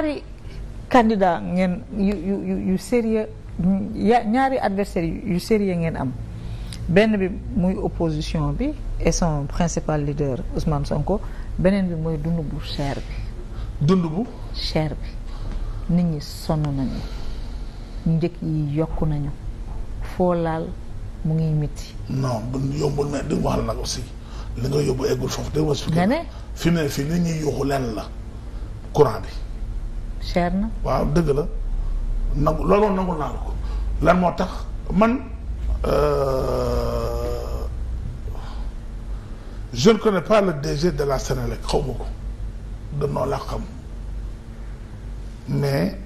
ñaari candidat ngeen yu yu yu sérieux ñaari adversaire yu sérieux ngeen am benn bi muy opposition bi et son principal leader Ousmane Sonko beneen bi mooy dund bu cher bi dund bu cher bi nit ñi sonn nañu njëkk yi yokk nañu foo laal mu ngi métti non dund yombul mais di waxal nag aussi li nga yóbbu eggul foofu de was fi ne fii nit ñi yuuxu leen la courant bi cher na waaw dëgg la nangu loolu moom naa la ko lan moo tax man euh, je ne connais pas le DG de la Sénélec xaw ma ko danoo laa xam mais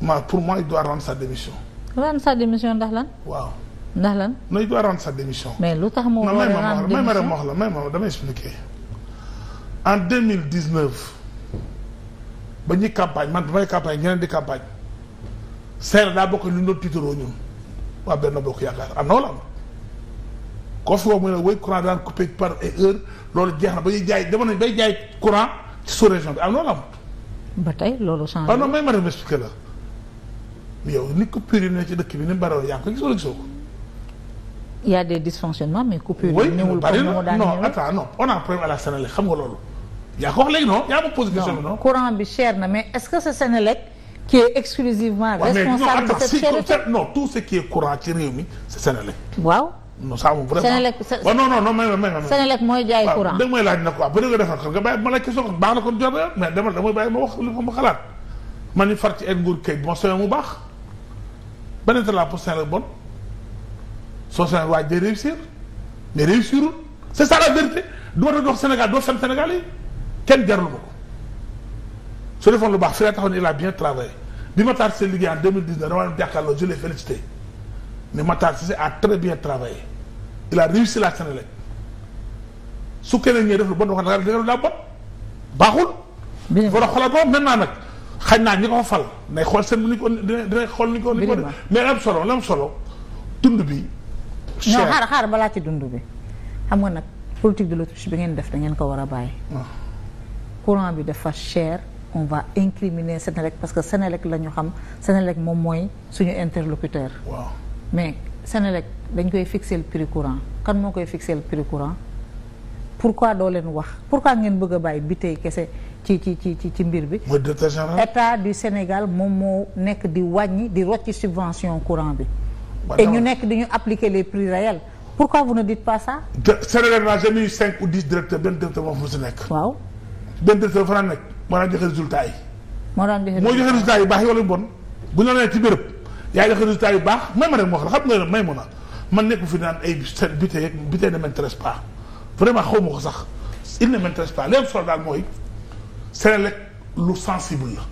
ma pour moi il doit sa démission. rendre sa démission ndax lan. waaw ndax lan. non il doit sa démission. mais lu tax moo war a rendre démission non may ma wax la may ma damay expliquer en ba ñuy campagne man ba may campagne ñeneen di campagne seere daa bokk lu ñu doon tiitaroo ñun waa benn bokk yaakaar am na wala am koo fi woo mu ne wéy courant daan coupé par ay heure loolu jeex na ba ñuy jaay demoon nañ bay jaay courant ci sous région bi am na wala am. ba tey loolu changé ah, ma dem expliqué la yow ni coupure yi ne ci dëkk bi ni mu bari woon yaa ngi ko gis wala gisoo ko. y a mais coupure. ñëwul comme moo daan ñëwul oui non attends problème à la Sénélec xam nga loolu. yaa ko wax léegi non yaa ma posé question non courant bi cher na mais est-ce que c'est Sénélec qui est exclusivement responsable de cette cherté non tout ce qui est courant ci réew mi c'est Sénélec waaw non ça moom vraiment Sénélec non non non mais mais Sénélec mooy jaay courant danga may laaj na quoi bëri nga defal ko nga bàyyi ma la question baax na kon jot na mais demal damay bàyyi ma wax li ma xalaat man ni far ci en nguur kay bon semaine mu baax beneen la pour Sénélec bon soo Sénélec waaj day réussir mais réussirul c'est ça la vérité doo dox Sénégal doo fen Sénégal yi kenn jar ma ko su defoon lu baax fi la taxoon il a bien travaillé bi Matar Cissé liggéey en 2019 dama leen jàkkaarloo je l'ai félicité ne Matar Cissé a très bien travaillé il a réussi la Sénélec su keneen ñëwee def lu bon wax dëgg yàlla daa bon baaxul. bien war a xoolal boobu maintenant nag xañ naa ñi ko fa fal nay xool seen ni ko dina dina xool ni ko. vraiment mais am solo am solo dund bi. cher non xaar xaar balaa ci dund bi xam nga nag politique de l'autruche bi ngeen def da ngeen ko war a bàyyi. Ah. courant bi dafa cher on va incriminer Sénélec parce que Sénélec la ñu xam Sénélec moom mooy suñu interlocuteur. waaw mais Sénélec dañ koy fixer le courant kan moo koy fixer le prix courant pourquoi doo leen wax pourquoi ngeen bëgg a bàyyi bi tey kese ci ci ci ci mbir bi. mooy directeur général état du Sénégal moom moo nekk di wàññi di rocci subvention courant bi. et ñu nekk di ñu appliquer le pris réels pourquoi vous ne dites pas ça. Sénélec n'a cinq ou dix directeurs benn directeur waaw. benn directeur fa daan nekk moo daan joxe résultat yi. moo daan joxe mooy résultat yu baax yi wala bon bu ñu la nee ci béréb yaay joxe résultat yu baax may ma rek moo xam xam nga may ma na man nekku fi naan ay bité yeeg bité ne m'intéresse pas vraiment xaw ma ko sax il ne m'intéresse pas léegi solo daal mooy Sénélec lu sensible la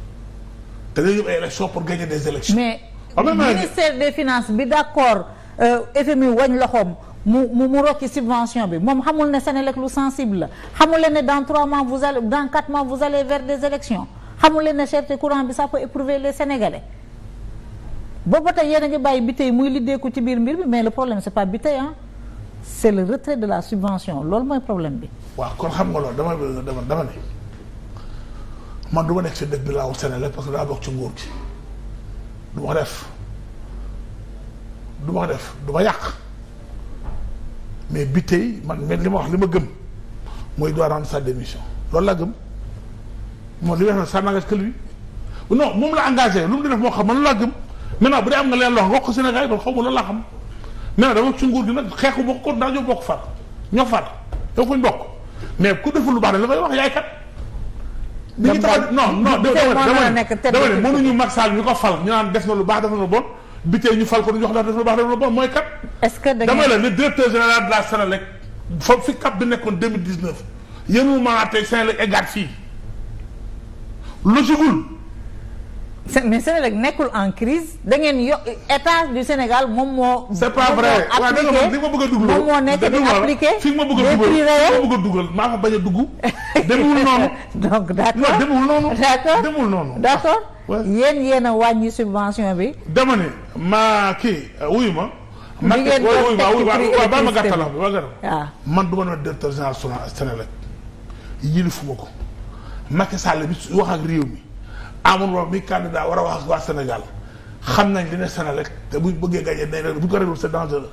te dañuy yóbbu ay élections pour gagner des élections. mais ministère des finances bi d'accord euh, FMI wañ loxoom. mu mu mu rocci bi moom xamul ne Senelec lu sensible la xamul leen ne dans trois mois vous allez dans quatre mois vous allez vers des élections xamul leen ne cherté courant bi ça peut éprouver les Sénégalais booba tey yéen a ngi bàyyi bitey muy liddeeku ci biir mbir bi mais le problème c'est pas bitey ah c'est le retrait de la subvention loolu mooy problème bi waaw kon xam nga loolu dama dama dama ne man du ma nekk ci def bi laaw Senelec parce que daa bokk ci nguur gi du def du def du yàq mais bi tey man li ma wax li ma gëm mooy doit rendre sa démission loolu laa gëm moom li nga xam ne ça n'engage que lui non moom la engagé lu mu def moo xam man laa gëm maintenant bu dee am nga leen loo xam wax ko Sénégal yi xaw ma loolu laa xam maintenant dama ci nguur gi nag xeexu bokk ko daa jox bokk far ñoo far yow kuñ bokk mais ku deful lu baax ne li may wax yaay kat. bi ñu tax non non. dama ne dama ne mënuñu ñu naan def na lu baax def na lu bon. bi tey ñu fal ko ñu wax ndax def lu baax def lu bon mooy kat. damay la le directeur général de la Sénélec foofu fi cap bi nekkoon deux mille dix neuf yéen a tey Sénélec eggaat fii lu jugul mais nekkul en crise da ngeen yo état du Sénégal moom moo. c'est pas vrai ma li ma bëgg a dugal fi ma bëgg bëgg dugal maa fa bañ a dugg. demul noonu. donc d'accord non demul noonu. d'accord demul noonu. d'accord yéen yéen a wàññi subvention bi. dama ne maa kii euh, wuyu ma. ma ngeen doon waaw ba ma gàttal waaw waaw. Ah. man du ma doon directeur général Sénélec yilifuma ko Sall bi wax ak réew mi. Amadou Ba mi candidat war a wax ak waa Sénégal xam nañ li ne Sénélec te buñ bëggee gagné nee na bu ñu ko réglé la dangereux